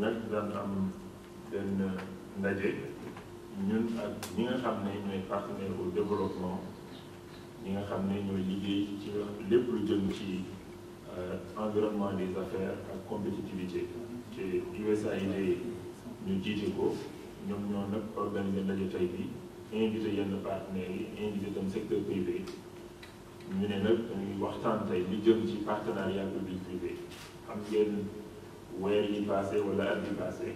nag daan am benn ndaje ñun ak ñi nga xamné ñoy ñooy partenaire au développement ñi nga xamné ñoy ñooy liggéey ci lépp lu jëm ci euh, environnement des affaires ak compétitivité te USAID ñu jité ko ñom ñoo nak organiser ndaje tay bi invité yenn partenaires yi invité tam secteur privé ñu né nak dañuy waxtaan tay li jëm ci partenariat public privé xam ngeen weer yi passé wala at yi passé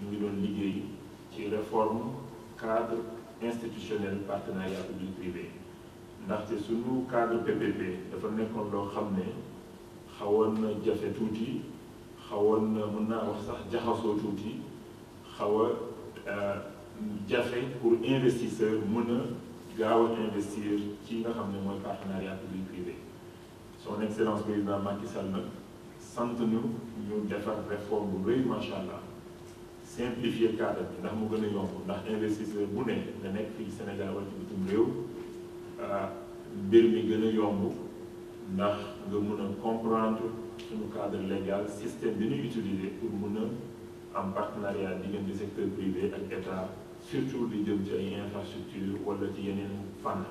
ñu ngi doon liggéey ci réforme cadre institutionnel partenariat public privé ndaxte suñu cadre PPP dafa nekkoon loo xam ne xawoon na jafe tuuti xawoon na mën naa wax sax jaxasoo tuuti xaw a euh, jafe pour investisseur mën a gaaw a investir ci nga xam ne mooy partenariat public privé son excellence président Macky Sall nag santenu ñu ñu réforme bu rëy macha allah simplifier cadre bi ndax mu gën a yomb ndax investisseur bu ne nga nekk fii Sénégal wala ci bitim réew ah, mbir mi gën a yomb ndax nga mun a comprendre suñu cadre légal système bi ñuy utiliser pour mun a am partenariat diggante secteur privé ak état surtout di jëm ci ay infrastructure wala ci yeneen fànn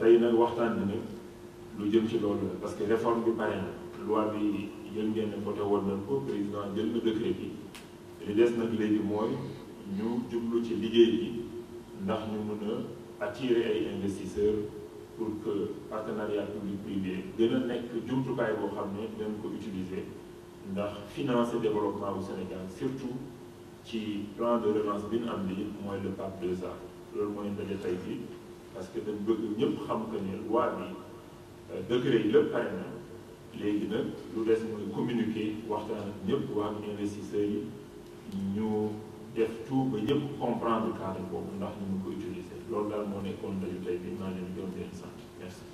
tey nag waxtaan bi nag lu jëm ci loolu la parce que réforme bi pare na loi bi yéen ngeen président jël décret li attirer les investisseurs pour que partenariat public privé gën utiliser ndax financer développement au Sénégal surtout ci plan de relance bi ñu le pape. 2A loolu mooy parce que nous bëgg ñëpp xam que ne loi bi euh, décret léegi nag lu des mooy communiquer waxtaan ak wa waa investisseurs yi ñu def tout ba ñëpp comprendre cadre bob ndax ñu ko utiliser loolu daal moo nekkoon dañu tay bi ma leen gërëm leen sant merci.